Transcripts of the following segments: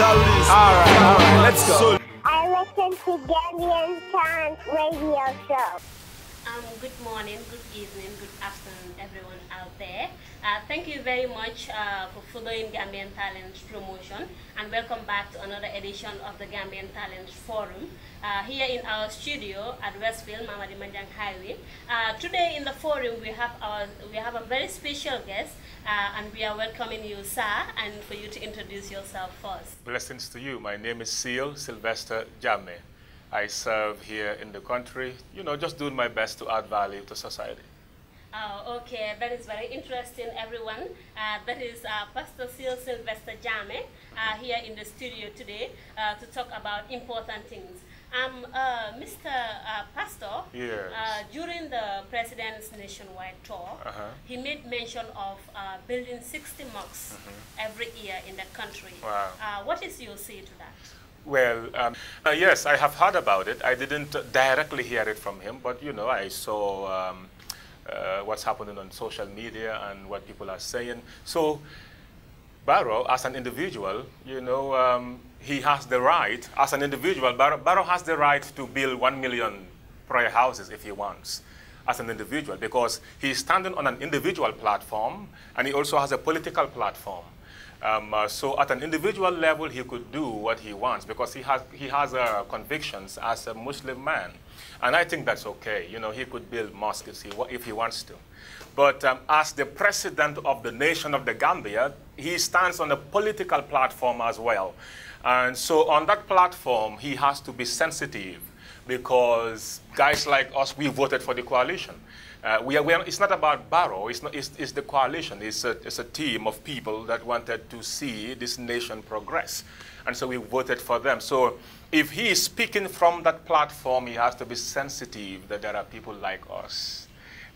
Alright, alright, let's go. I listen to Daniel Times radio show. Um, good morning, good evening, good afternoon, everyone out there. Uh, thank you very much uh, for following Gambian Talents Promotion and welcome back to another edition of the Gambian Talents Forum uh, here in our studio at Westfield, Mamadi Manjang Highway. Uh, today in the forum we have our we have a very special guest uh, and we are welcoming you, sir, and for you to introduce yourself first. Blessings to you. My name is Seal Sylvester Jamme. I serve here in the country, you know, just doing my best to add value to society. Oh, okay. That is very interesting, everyone. Uh, that is uh, Pastor Seal Sylvester Jame uh, here in the studio today uh, to talk about important things. Um, uh, Mr. Uh, Pastor, yes. during the president's nationwide tour, -huh. he made mention of building 60 mosques -huh. Mm-hmm. every year in the country. Wow. what is your say to that? Well, um, uh, yes, I have heard about it. I didn't directly hear it from him, but you know, I saw um, uh, what's happening on social media and what people are saying. So, Barrow, as an individual, you know, um, he has the right, as an individual, Barrow, Barrow has the right to build one million prayer houses if he wants as an individual because he's standing on an individual platform and he also has a political platform. Um, uh, so at an individual level, he could do what he wants because he has, he has uh, convictions as a Muslim man. And I think that's okay. You know, he could build mosques if he wants to. But um, as the president of the nation of the Gambia, he stands on a political platform as well. And so on that platform, he has to be sensitive because guys like us, we voted for the coalition. Uh, we are, we are, it's not about Barrow, it's, not, it's, it's the coalition. It's a, it's a team of people that wanted to see this nation progress. And so we voted for them. So if he is speaking from that platform, he has to be sensitive that there are people like us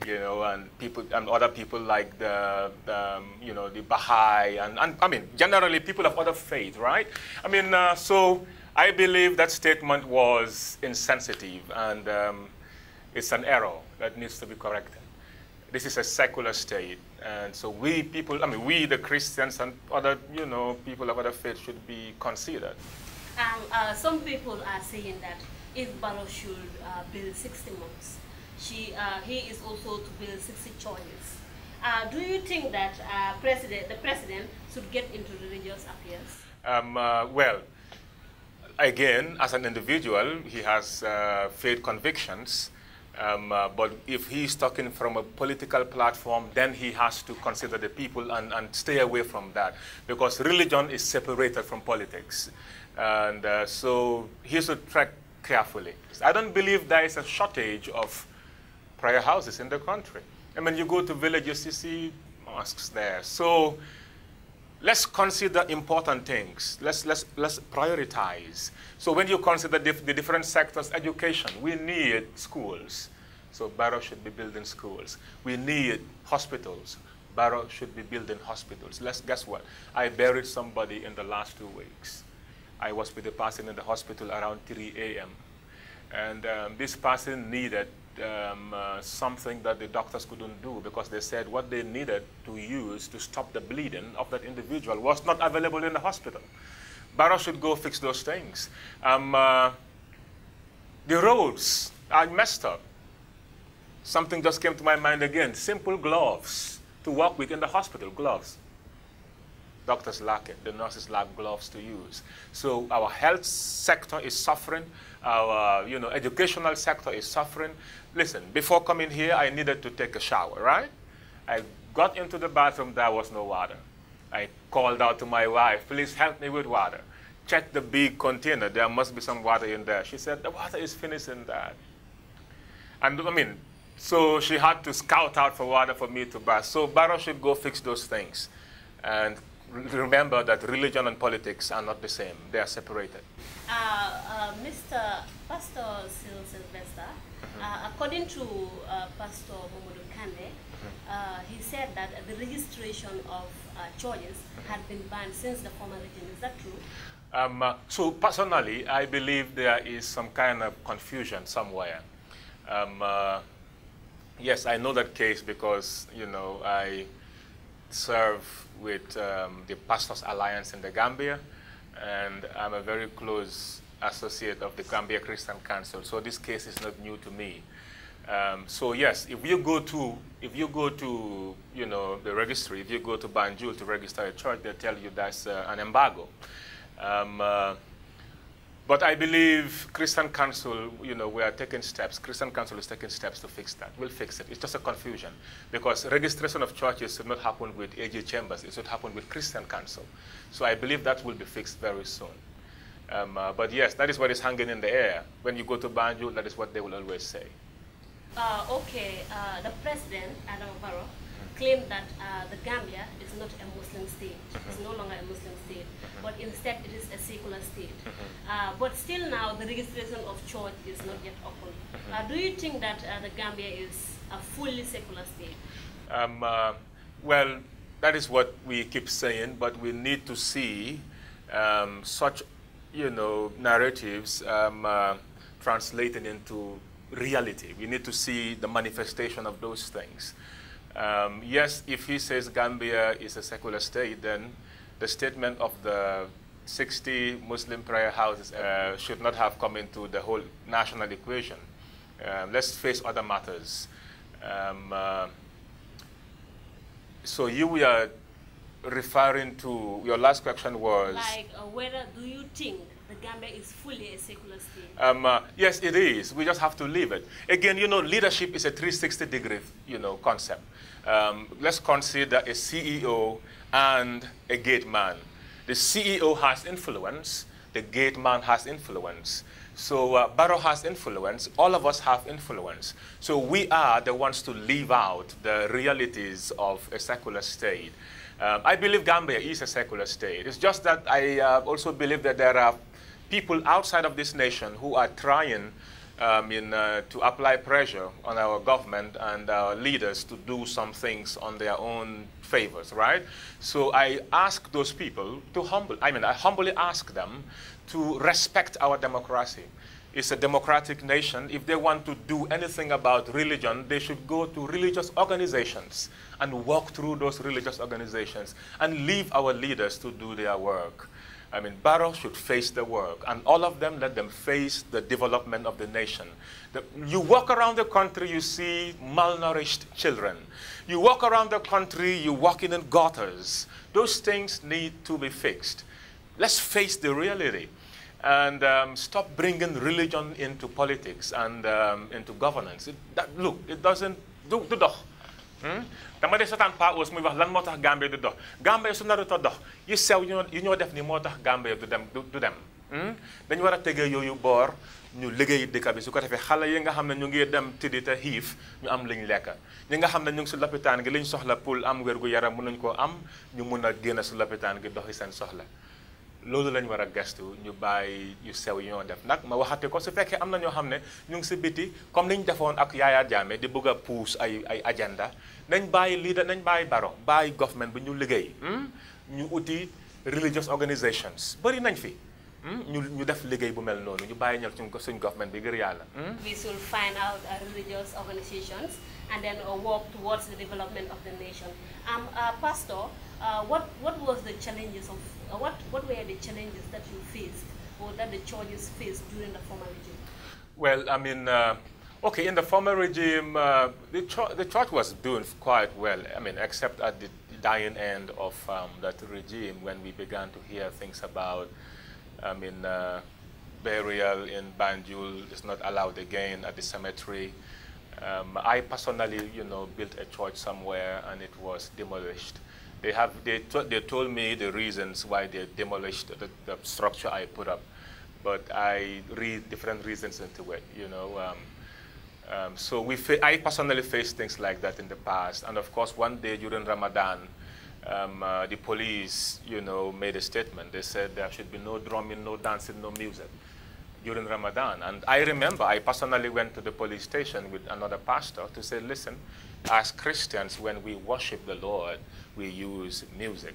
you know, and people and other people like the, um, you know, the Baha'i, and, and, I mean, generally people of other faith, right? I mean, uh, so I believe that statement was insensitive, and um, it's an error that needs to be corrected. This is a secular state, and so we people, I mean, we the Christians and other, you know, people of other faith should be considered. Um, uh, some people are saying that if Barrow should uh, build 60 mosques, uh, he is also to build 60 churches. Uh, do you think that uh, president, the president should get into religious affairs? Um, uh, well, again, as an individual, he has uh, faith convictions, um, uh, but if he's talking from a political platform, then he has to consider the people and, and stay away from that because religion is separated from politics. And uh, so he should tread carefully. I don't believe there is a shortage of prayer houses in the country. I mean, you go to villages, you see mosques there. So let's consider important things. Let's, let's, let's prioritize. So when you consider dif the different sectors, education, we need schools. So Barrow should be building schools. We need hospitals. Barrow should be building hospitals. Let's guess what? I buried somebody in the last two weeks. I was with a person in the hospital around 3 a.m. And um, this person needed um, uh, something that the doctors couldn't do because they said what they needed to use to stop the bleeding of that individual was not available in the hospital. Barrow should go fix those things. Um, uh, the roads are messed up. Something just came to my mind again. Simple gloves to work with in the hospital, gloves. Doctors lack it. The nurses lack gloves to use. So our health sector is suffering. Our you know, educational sector is suffering. Listen, before coming here, I needed to take a shower, right? I got into the bathroom, there was no water. I called out to my wife, please help me with water. Check the big container, there must be some water in there. She said, the water is finished in that. And I mean, so she had to scout out for water for me to bath. So Barrow should go fix those things. And remember that religion and politics are not the same. They are separated. Uh, uh, Mr. Pastor Sil Sylvester, uh, according to uh, Pastor Momodu Kande, hmm. uh, he said that the registration of uh, churches hmm. had been banned since the former regime. Is that true? Um, uh, so personally, I believe there is some kind of confusion somewhere. Um, uh, yes, I know that case because, you know, I serve with um, the Pastors Alliance in the Gambia, and I'm a very close associate of the Gambia Christian Council. So this case is not new to me. Um, so yes, if you go to if you go to you know the registry, if you go to Banjul to register a church, they tell you that's uh, an embargo. Um, uh, but I believe Christian Council, you know, we are taking steps. Christian Council is taking steps to fix that. We'll fix it. It's just a confusion because registration of churches should not happen with AG chambers. It should happen with Christian Council. So I believe that will be fixed very soon. Um, uh, but yes, that is what is hanging in the air. When you go to Banjul, that is what they will always say. Uh, okay, uh, the president, Adam Barrow, claimed that uh, the Gambia is not a Muslim state. Mm-hmm. It's no longer a Muslim state, mm-hmm. but instead it is a secular state. Mm-hmm. Uh, but still now, the registration of church is not yet open. Uh, do you think that the Gambia is a fully secular state? Um, well, that is what we keep saying, but we need to see um, such you know, narratives um, uh, translated into reality. We need to see the manifestation of those things. Um, yes, if he says Gambia is a secular state, then the statement of the 60 Muslim prayer houses uh, should not have come into the whole national equation. Um, let's face other matters. Um, uh, so you we are referring to your last question was like uh, whether do you think the Gambia is fully a secular state? Um, uh, yes, it is. We just have to leave it. Again, you know, leadership is a 360 degree, you know, concept. Um, let's consider a CEO and a gate man. The CEO has influence. The gate man has influence. So uh, Barrow has influence. All of us have influence. So we are the ones to leave out the realities of a secular state. Um, I believe Gambia is a secular state. It's just that I uh, also believe that there are people outside of this nation who are trying um, in, uh, to apply pressure on our government and our leaders to do some things on their own favors, right? So I ask those people to humble, I mean, I humbly ask them to respect our democracy is a democratic nation, if they want to do anything about religion, they should go to religious organizations and walk through those religious organizations and leave our leaders to do their work. I mean, Barrow should face the work, and all of them let them face the development of the nation. The, you walk around the country, you see malnourished children. You walk around the country, you walk in, in gutters. Those things need to be fixed. Let's face the reality and um, stop bringing religion into politics and um, into governance. It, that, look, it doesn't do, do dox. Hmm? dama dee seetaan Pa Ousse muy wax lan moo tax Gambia du dox Gambia su narut a dox You sew you know, def ni moo tax to du to them. Then you war a tegee yooyu boor ñu liggéey dëkk bi su ko defee xale yi nga xam ne ñu ngi dem tëddi te xiif ñu am liñ lekk ñi nga xam ne ñu ngi si lopitaan gi liñ soxla pour am wér gu yaram mën nañu koo am ñu mun a génn si lopitaan gi doxi seen soxla loolu lañ war gestu ñu bàyyi yu sew yi ñoo def nag ma waxate ko su fekkee am ñoo xam ñu ngi si biti comme ni defoon ak Yaya Jammeh di bëgg a ay ay agenda nañ bàyyi lii nañ bàyyi baro bàyyi government bi ñu liggéey hmm? ñu uti religious organisations bëri nañ fi hmm? ñu ñu def liggéey bu mel noonu ñu bàyyi ñal suñ government bi ngir yàlla. Hmm? we should find out uh, religious organisations and then uh, work towards the development of the nation am um, uh, pastor. Uh, what what was the challenges of uh, what what were the challenges that you faced or that the churches faced during the former regime? Well, I mean, uh, okay, in the former regime, uh, the church, the church was doing quite well. I mean, except at the dying end of um, that regime when we began to hear things about, I mean. Uh, burial in Banjul is not allowed again at the cemetery. Um, I personally, you know, built a church somewhere and it was demolished. They, have, they, they told me the reasons why they demolished the, the structure I put up, but I read different reasons into it, you know. Um, um, so we I personally faced things like that in the past. And of course, one day during Ramadan, um, uh, the police, you know, made a statement. They said there should be no drumming, no dancing, no music during Ramadan. And I remember I personally went to the police station with another pastor to say, listen, as Christians, when we worship the Lord, we use music.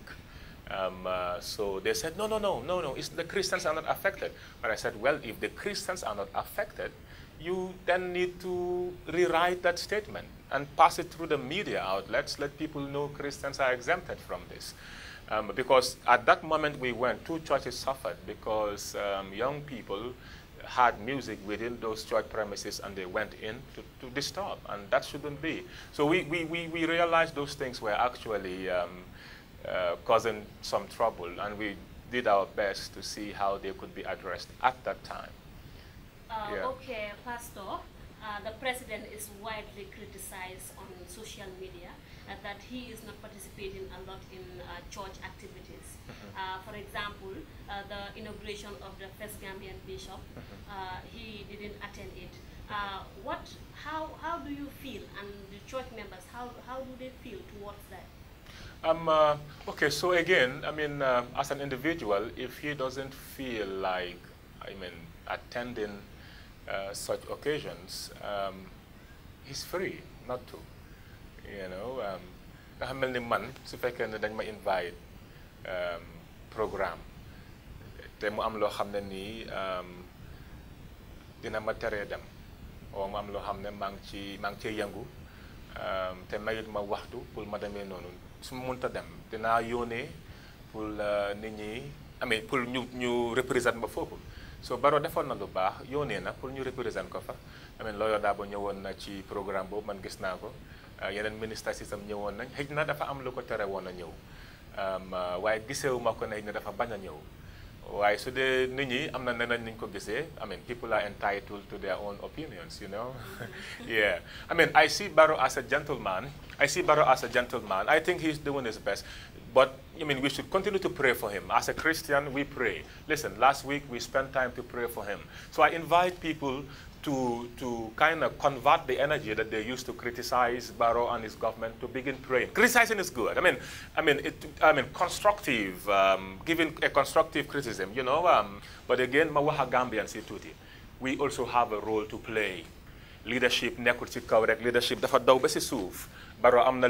Um, uh, so they said, no, no, no, no, no, it's the Christians are not affected. But I said, well, if the Christians are not affected, you then need to rewrite that statement and pass it through the media outlets, let people know Christians are exempted from this. Um, because at that moment we went, two churches suffered because um, young people had music within those church premises and they went in to, to disturb, and that shouldn't be. So we, we, we, we realized those things were actually um, uh, causing some trouble, and we did our best to see how they could be addressed at that time. Uh, yeah. Okay, Pastor, uh, the president is widely criticized on social media uh, that he is not participating a lot in uh, church activities. Uh-huh. Uh, for example, uh, the inauguration of the first Gambian bishop, uh-huh. uh, he didn't attend it. what? How? How do you feel? And the church members, how how do they feel towards that? Um, uh, okay, so again, I mean, uh, as an individual, if he doesn't feel like, I mean, attending uh, such occasions, um, he's free not to. you know um, nga xam ne ni man su fekkee ne dañ ma invite um, programme te mu am loo xam ne nii um, dina ma teree dem oo mu am loo xam ne maa ngi ci maa ngi cee yëngu te mayut ma waxtu pour ma demee noonu su ma mënta dem dinaa yónnee pour uh, nit ñi amee pour ñu ñu représente ma foofu soo Barrow defoon na lu baax yónnee na pour ñu représente ko fa amee Lawyer Darboe ñëwoon na ci programme boobu man gis naa ko Ah, yeneen ñëwoon nañ na dafa am lu ko tere woon a ñëw ah, waaye ko ne dafa bañ a ñëw waaye su dee nit ñi am na niñ ko gisee I mean people are entitled to their own opinions you know yeah I mean I see Barrow as a gentleman I see Barrow as a gentleman I think he's doing his best but I mean we should continue to pray for him as a Christian we pray listen last week we spent time to pray for him so I invite people to, to kind of convert the energy that they used to criticize Barrow and his government to begin praying. Criticizing is good. I mean, I mean, it, I mean, constructive, um, giving a constructive criticism, you know. Um, but again, Mawaha Gambi and Situti, we also have a role to play. Leadership, nekkul ci leadership dafa daubesi ba si suuf Barrow am na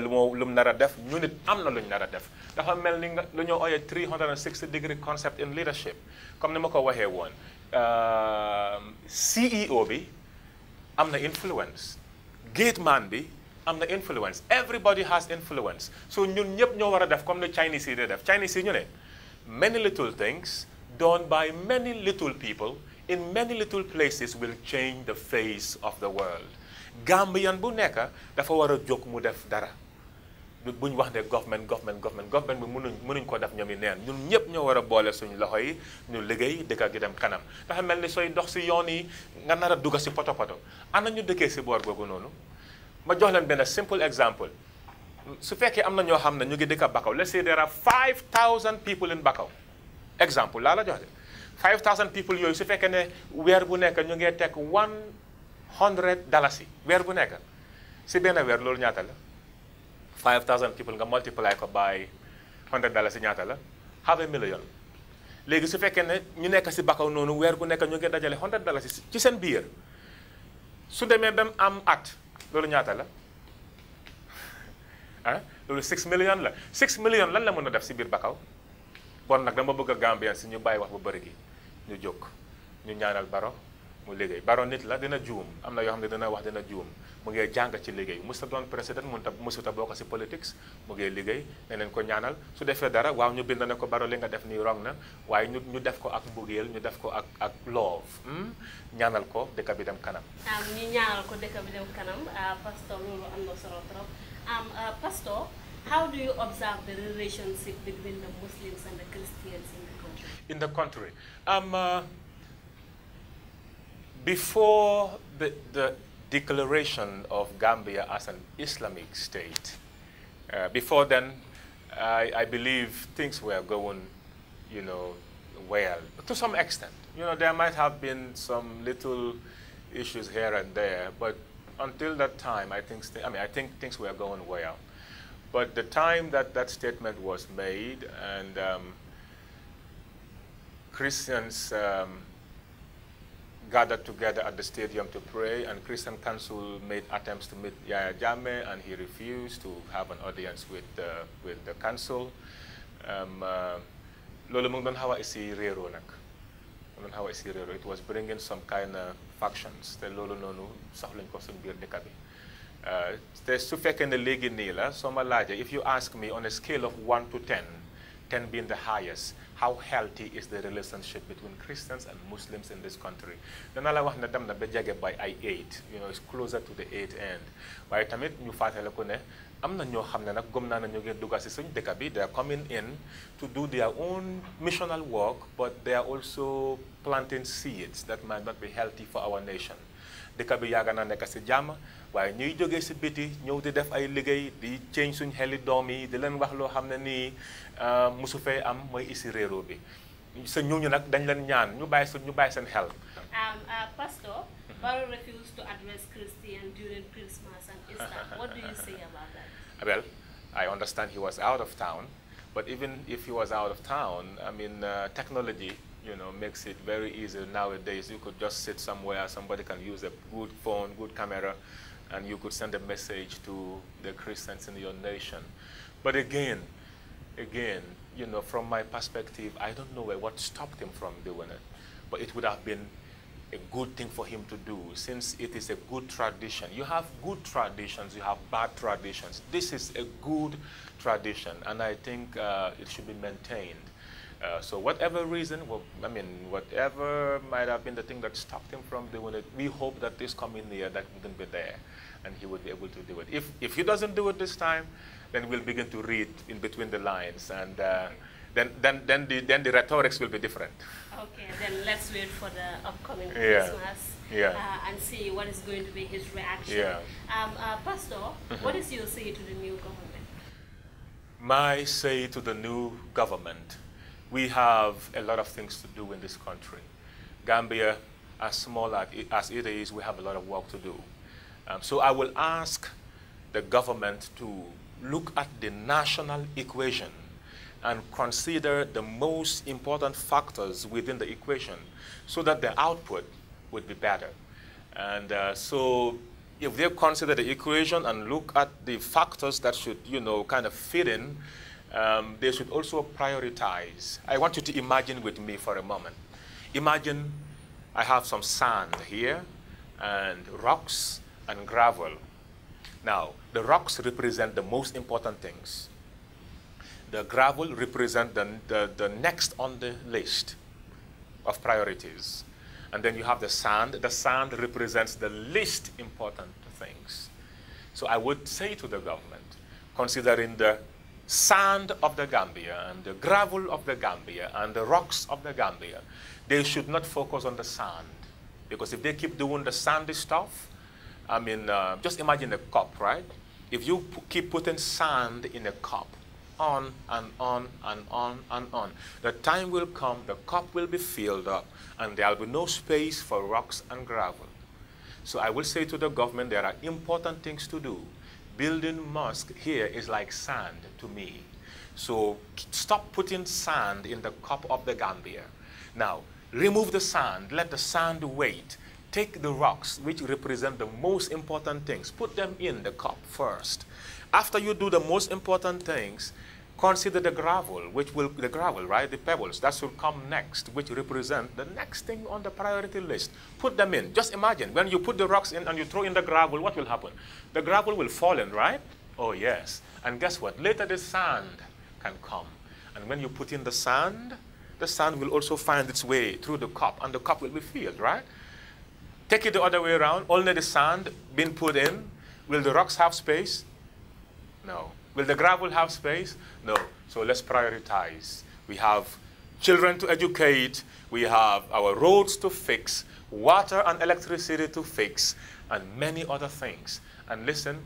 def ñu amna am def dafa mel ni lu 360 degree concept in leadership comme ni ma ko um, CEO bi am na influence gate man bi am na influence everybody has influence so ñun ñëpp ñoo war a def comme Chinese yi di def Chinese yi ñu ne many little things done by many little people in many little places will change the face of the world Gambian bu nekk dafa war a jóg mu def dara. bu ñu wax ne government government government government bi mënuñ mënuñ ko def ñoom yi neen ñun ñëpp ñoo war a boole suñu loxo yi ñu liggéey dëkk gi dem kanam dafa mel ni sooy dox si yoon yi nga nar a dugg si poto poto ana ñu dëkkee si boor googu noonu ma jox leen benn simple exemple su fekkee am na ñoo xam ne ñu ngi dëkk Bakaw let's say there are 5000 people in Bakaw exemple laa la jox de 5000 people yooyu su fekkee ne weer bu ñu ngi teg 100 dalasi weer bu nekk si benn weer loolu ñaata la. 5000 people nga multiply ko bàyyi 100 dollars si ñaata la half a million léegi su fekkee ne ñu nekk si bakkaw noonu weer ku nekk ñu ngi dajale 100 dollars ci seen biir su demee ba am at loolu ñaata la ah loolu 6 million la 6 million lan la mën a def si biir bakaw bon nag dama bëgg a Gambien si ñu bàyyi wax bu bari gi ñu jóg ñu ñaanal baro mu liggéey baro nit la dina juum am na yoo xam ne dina wax dina juum mu ngi jàng ci liggéey musta doon président mun ta musuta bokk si politics mu ngi liggéey ne leen ko ñaanal su defee dara waaw ñu bind na ne ko baro li nga def nii wrong na waaye ñu ñu def ko ak mbugeel ñu def ko ak ak love hmm? ñaanal ko dëkk bi dem kanam ko dëkk ah, pastor loolu am na solo trop ah, pastor how do you observe the relationship between the Muslims and the Christians in the country in ah, Before the, the declaration of Gambia as an Islamic state, uh, before then, I, I, believe things were going, you know, well, to some extent. You know, there might have been some little issues here and there, but until that time, I think, I mean, I think things were going well. But the time that that statement was made and um, Christians um, gathered together at the stadium to pray, and Christian Council made attempts to meet Yaya Jame, and he refused to have an audience with, uh, with the council. Um, uh, lolo mong doon hawa isi rero nak. Doon hawa isi rero. It was bringing some kind of factions. The lolo nonu sahulin ko sun bir ni kami. sufek in the league nila, Some malaja, if you ask me on a scale of 1 to 10, 10 being the highest, how healthy is the relationship between Christians and Muslims in this country. The la wax ne dem na ba by i eight you know it's closer to the eight end waaye tamit ñu fàttale ko ne am na ñoo xam ne nag gëm ñu ngi dugga si suñu dëkk bi they are coming in to do their own missional work but they are also planting seeds that might not be healthy for our nation dëkk bi yàgg naa nekk si jàmm waaye ñuy jógee si biti ñëw di def ay liggéey di ceeñ suñ xeli doom yi di leen wax loo xam ne nii euh, mosu am mooy isi réero bi sa ñooñu nak dañ leen ñaan ñu bàyyi suñ ñu bàyyi seen xel. Um, uh, pastor Barrow refused to address Christian during Christmas and Easter. What do you say about that? Well, I understand he was out of town, but even if he was out of town, I mean, uh, technology you know, makes it very easy nowadays. You could just sit somewhere, somebody can use a good phone, good camera, and you could send a message to the Christians in your nation. But again, again, you know, from my perspective, I don't know what stopped him from doing it, but it would have been a good thing for him to do since it is a good tradition. You have good traditions, you have bad traditions. This is a good tradition, and I think uh, it should be maintained. Uh, so whatever reason, well, I mean, whatever might have been the thing that stopped him from doing it, we hope that this coming year that wouldn't be there, and he would be able to do it. If if he doesn't do it this time, then we'll begin to read in between the lines, and uh, then then then the then the rhetorics will be different. Okay, then let's wait for the upcoming yeah. Christmas. Yeah. Uh, and see what is going to be his reaction. Yeah. Um, uh, Pastor, mm -hmm. what is your say to the new government? My say to the new government we have a lot of things to do in this country. Gambia, as small as it is, we have a lot of work to do. Um, so I will ask the government to look at the national equation and consider the most important factors within the equation so that the output would be better. And uh, so if they consider the equation and look at the factors that should, you know, kind of fit in, um, they should also prioritize. I want you to imagine with me for a moment. Imagine I have some sand here and rocks and gravel. Now, the rocks represent the most important things. The gravel represent the, the, the next on the list of priorities. And then you have the sand. The sand represents the least important things. So I would say to the government, considering the sand of the Gambia and the gravel of the Gambia and the rocks of the Gambia, they should not focus on the sand. Because if they keep doing the sandy stuff, I mean, uh, just imagine a cup, right? If you keep putting sand in a cup, on and on and on and on, the time will come, the cup will be filled up, and there will be no space for rocks and gravel. So I will say to the government, there are important things to do building mosque here is like sand to me. So stop putting sand in the cup of the Gambia. Now, remove the sand, let the sand wait. Take the rocks, which represent the most important things, put them in the cup first. After you do the most important things, Consider the gravel, which will, the gravel, right, the pebbles, that should come next, which represent the next thing on the priority list. Put them in. Just imagine, when you put the rocks in and you throw in the gravel, what will happen? The gravel will fall in, right? Oh, yes. And guess what? Later the sand can come. And when you put in the sand, the sand will also find its way through the cup, and the cup will be filled, right? Take it the other way around, only the sand being put in. Will the rocks have space? No. Will the gravel have space? No. So let's prioritize. We have children to educate. We have our roads to fix, water and electricity to fix, and many other things. And listen,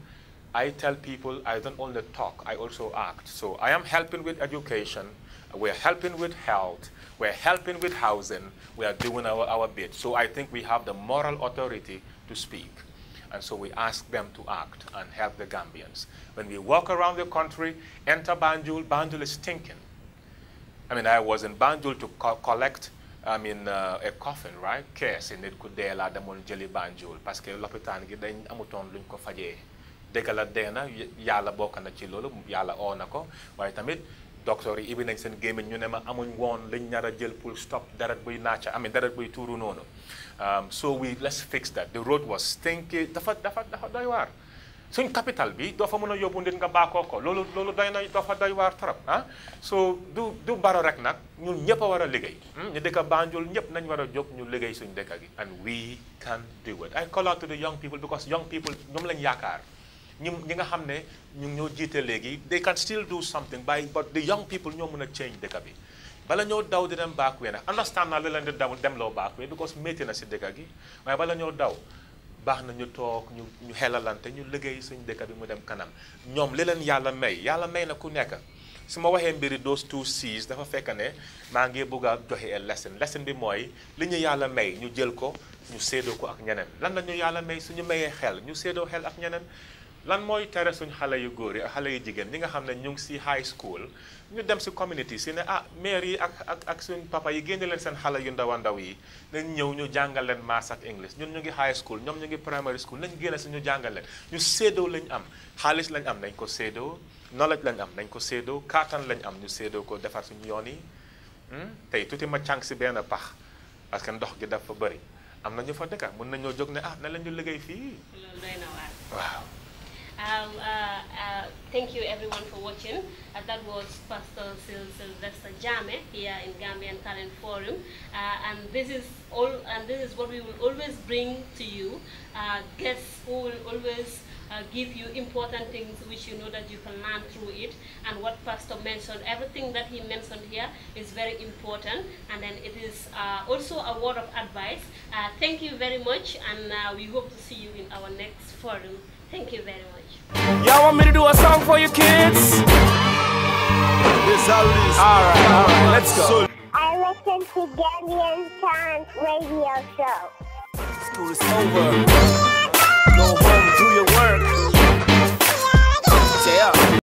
I tell people I don't only talk, I also act. So I am helping with education. We're helping with health. We're helping with housing. We are doing our, our bit. So I think we have the moral authority to speak. And so we ask them to act and help the Gambians. When we walk around the country, enter Banjul, Banjul is stinking. I mean, I was in Banjul to co collect I mean, uh, a coffin, right? Kees nit ku dee laa demoon jëli Banjul parce que lopitaan gi dañ amutoon luñ ko la dee na yàlla na chilolo loolu yàlla oo na ko waaye tamit docteur yi ibi nañ seen gémmiñ ñu ne ma amuñ stop deret buy naaca amee deret buy tuuru um, so we, let's fix that. The road was stinky. Dafa, dafa, dafa doy waar. suñ capital B, doo fa mën a yóbbu nit ko loolu loolu day na doo fa ah so do du baro rek nag ñun ñëpp a war a liggéey hmm? ñu Banjul ñëpp nañ war a jóg ñu liggéey suñ dëkk gi and we can do it I call out to the young people because young people ñoom lang yakar, ñi ñi nga xam ne ñu ñoo jiite léegi they can still do something by but the young people ñoo muna change dëkk bi bala ñoo daw di dem baak wee nag understand naa li leen di dem dem loo baak wee because métti na si dëkk gi waaye bala ñoo daw baax na ñu toog ñu ñu xelalante ñu liggéey suñ dëkk bi mu dem kanam ñoom li leen yàlla may yàlla may na ku nekk su ma waxee mbiri those two C's dafa fekk ne maa ngi bëgg joxe a lesson lesson bi mooy li ñu yàlla may ñu jël ko ñu séedoo ko ak ñeneen lan la ñu yàlla may su ñu mayee xel ñu séedoo xel ak ñeneen lan mooy tere suñ xale yu góor yi xale yu jigéen ñi nga xam ne ñu ngi si high school ñu dem si community si ne ah maire yi ak ak suñ papa yi génne leen seen xale yu ndaw ndaw yi nañ ñëw ñu jàngal leen maths ak english ñun ñu ngi high school ñoom ñu ngi primary school nañ génne si ñu jàngal leen ñu séedoo lañ am xaalis lañ am nañ ko séedoo knowledge lañ am nañ ko séedoo kattan lañ am ñu séedoo ko defar suñu yoon yi hmm? tey tuuti ma càng si benn pax parce ndox gi dafa bëri am na ñu fa dëkka mën nañoo jóg ne ah na la ñu liggéey fii waaw Um, uh, thank you everyone for watching. Uh, that was Pastor Sil Sylvester Jame here in Gambian Talent Forum. Uh, and this is all. And this is what we will always bring to you. guests who will always give you important things which you know that you can learn through it and what pastor mentioned everything that he mentioned here is very important and then it is uh, also a word of advice uh, thank you very much and uh, we hope to see you in our next forum Thank you very much. Y'all want me to do a song for you kids? Yes, Alice. All right, all right, let's go. I listen to Gideon Times radio show. School is over. Go home, do your work. Stay up.